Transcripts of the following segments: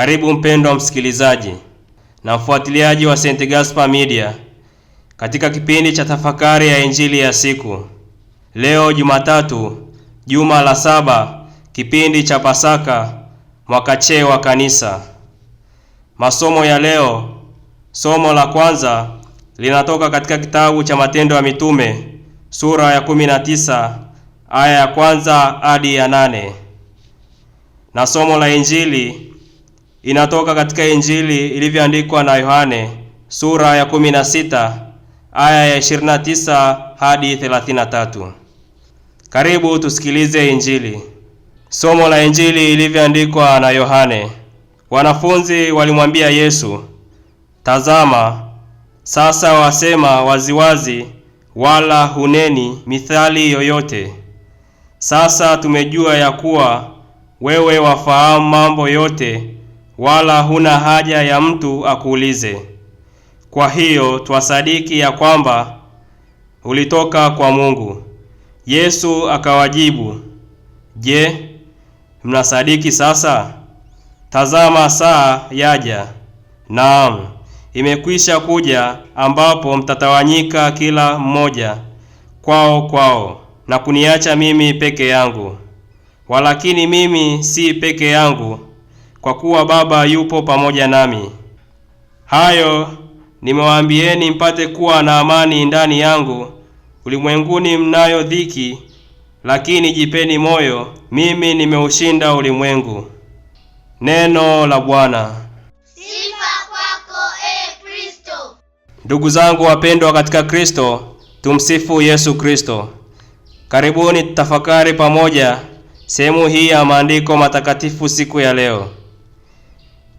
Karibu mpendwa msikilizaji na mfuatiliaji wa St. Gaspar Media katika kipindi cha tafakari ya injili ya siku. Leo Jumatatu, juma la saba, kipindi cha Pasaka, mwaka C wa Kanisa. Masomo ya leo, somo la kwanza linatoka katika kitabu cha Matendo ya Mitume sura ya 19 aya ya kwanza hadi ya nane na somo la injili inatoka katika Injili ilivyoandikwa na Yohane sura ya 16 aya ya 29 hadi 33. Karibu tusikilize Injili. Somo la Injili ilivyoandikwa na Yohane. Wanafunzi walimwambia Yesu, tazama, sasa wasema waziwazi, wala huneni mithali yoyote. Sasa tumejua ya kuwa wewe wafahamu mambo yote wala huna haja ya mtu akuulize. Kwa hiyo twasadiki ya kwamba ulitoka kwa Mungu. Yesu akawajibu, Je, mnasadiki sasa? Tazama, saa yaja, naam, imekwisha kuja, ambapo mtatawanyika kila mmoja kwao kwao, na kuniacha mimi peke yangu. Walakini mimi si peke yangu kwa kuwa Baba yupo pamoja nami. Hayo nimewaambieni mpate kuwa na amani ndani yangu. Ulimwenguni mnayo dhiki, lakini jipeni moyo, mimi nimeushinda ulimwengu. Neno la Bwana. Sifa kwako, e Kristo. Ndugu zangu wapendwa katika Kristo, tumsifu Yesu Kristo. Karibuni tutafakari pamoja sehemu hii ya maandiko matakatifu siku ya leo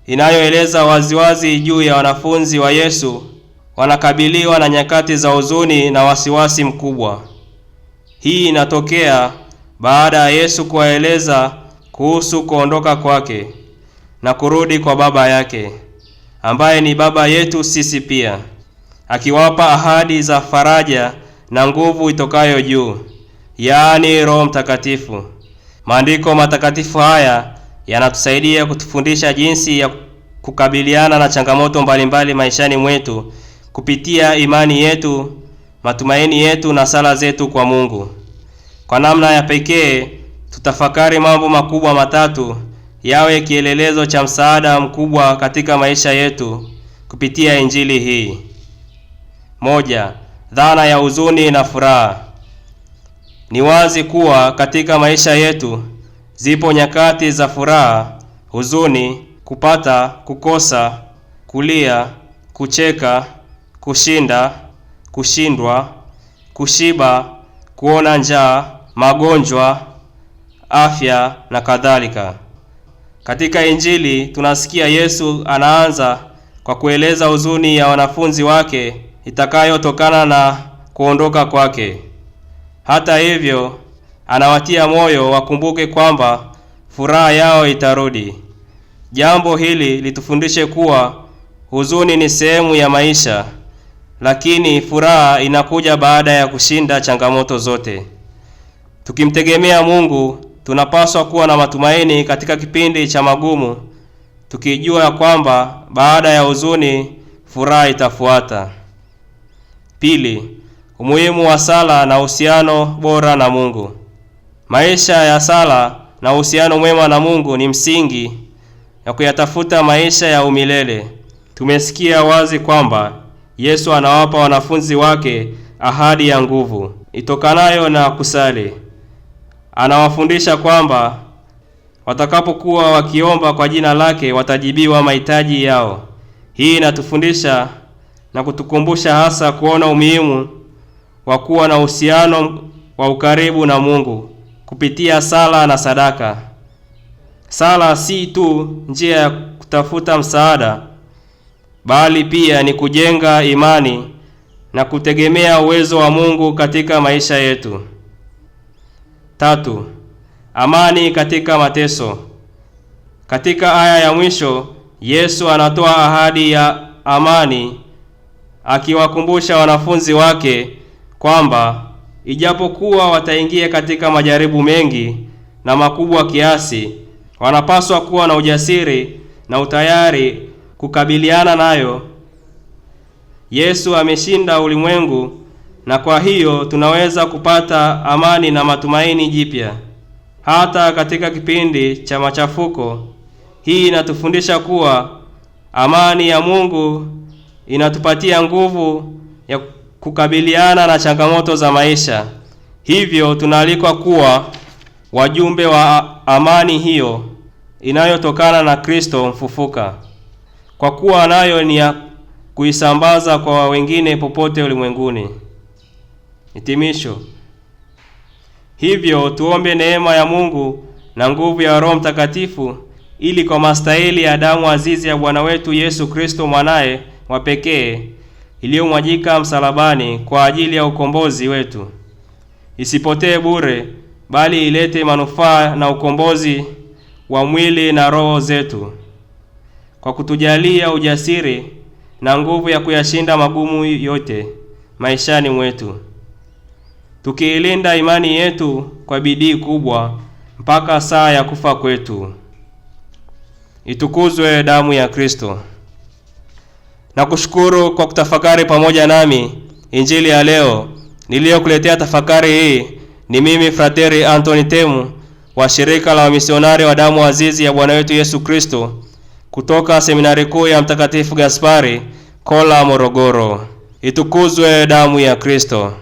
inayoeleza waziwazi juu ya wanafunzi wa Yesu wanakabiliwa na nyakati za huzuni na wasiwasi mkubwa. Hii inatokea baada ya Yesu kuwaeleza kuhusu kuondoka kwake na kurudi kwa Baba yake ambaye ni Baba yetu sisi pia, akiwapa ahadi za faraja na nguvu itokayo juu, yaani Roho Mtakatifu. Maandiko matakatifu haya yanatusaidia kutufundisha jinsi ya kukabiliana na changamoto mbalimbali maishani mwetu kupitia imani yetu, matumaini yetu na sala zetu kwa Mungu. Kwa namna ya pekee, tutafakari mambo makubwa matatu yawe kielelezo cha msaada mkubwa katika maisha yetu kupitia injili hii. Moja, dhana ya huzuni na furaha. Ni wazi kuwa katika maisha yetu Zipo nyakati za furaha, huzuni, kupata, kukosa, kulia, kucheka, kushinda, kushindwa, kushiba, kuona njaa, magonjwa, afya na kadhalika. Katika Injili tunasikia Yesu anaanza kwa kueleza huzuni ya wanafunzi wake itakayotokana na kuondoka kwake. Hata hivyo anawatia moyo wakumbuke kwamba furaha yao itarudi. Jambo hili litufundishe kuwa huzuni ni sehemu ya maisha, lakini furaha inakuja baada ya kushinda changamoto zote. Tukimtegemea Mungu, tunapaswa kuwa na matumaini katika kipindi cha magumu, tukijua ya kwamba baada ya huzuni furaha itafuata. Pili, umuhimu wa sala na uhusiano bora na Mungu. Maisha ya sala na uhusiano mwema na Mungu ni msingi ya kuyatafuta maisha ya umilele. Tumesikia wazi kwamba Yesu anawapa wanafunzi wake ahadi ya nguvu itokanayo na kusali. Anawafundisha kwamba watakapokuwa wakiomba kwa jina lake watajibiwa mahitaji yao. Hii inatufundisha na kutukumbusha hasa kuona umuhimu wa kuwa na uhusiano wa ukaribu na Mungu kupitia sala na sadaka. Sala si tu njia ya kutafuta msaada, bali pia ni kujenga imani na kutegemea uwezo wa Mungu katika maisha yetu. Tatu, amani katika mateso. Katika aya ya mwisho, Yesu anatoa ahadi ya amani akiwakumbusha wanafunzi wake kwamba Ijapokuwa wataingia katika majaribu mengi na makubwa kiasi, wanapaswa kuwa na ujasiri na utayari kukabiliana nayo. Yesu ameshinda ulimwengu, na kwa hiyo tunaweza kupata amani na matumaini jipya hata katika kipindi cha machafuko. Hii inatufundisha kuwa amani ya Mungu inatupatia nguvu ya kukabiliana na changamoto za maisha. Hivyo tunaalikwa kuwa wajumbe wa amani hiyo inayotokana na Kristo mfufuka, kwa kuwa nayo ni ya kuisambaza kwa wengine popote ulimwenguni. Hitimisho. Hivyo tuombe neema ya Mungu na nguvu ya Roho Mtakatifu ili kwa mastahili ya damu azizi ya Bwana wetu Yesu Kristo mwanaye wa pekee iliyomwajika msalabani kwa ajili ya ukombozi wetu, isipotee bure, bali ilete manufaa na ukombozi wa mwili na roho zetu, kwa kutujalia ujasiri na nguvu ya kuyashinda magumu yote maishani mwetu, tukiilinda imani yetu kwa bidii kubwa mpaka saa ya kufa kwetu. Itukuzwe damu ya Kristo! na kushukuru kwa kutafakari pamoja nami injili ya leo. Niliyokuletea tafakari hii ni mimi Frateri Anthony Temu wa shirika la wamisionari wa damu azizi ya Bwana wetu Yesu Kristo kutoka seminari kuu ya Mtakatifu Gaspari Kola, Morogoro. Itukuzwe damu ya Kristo!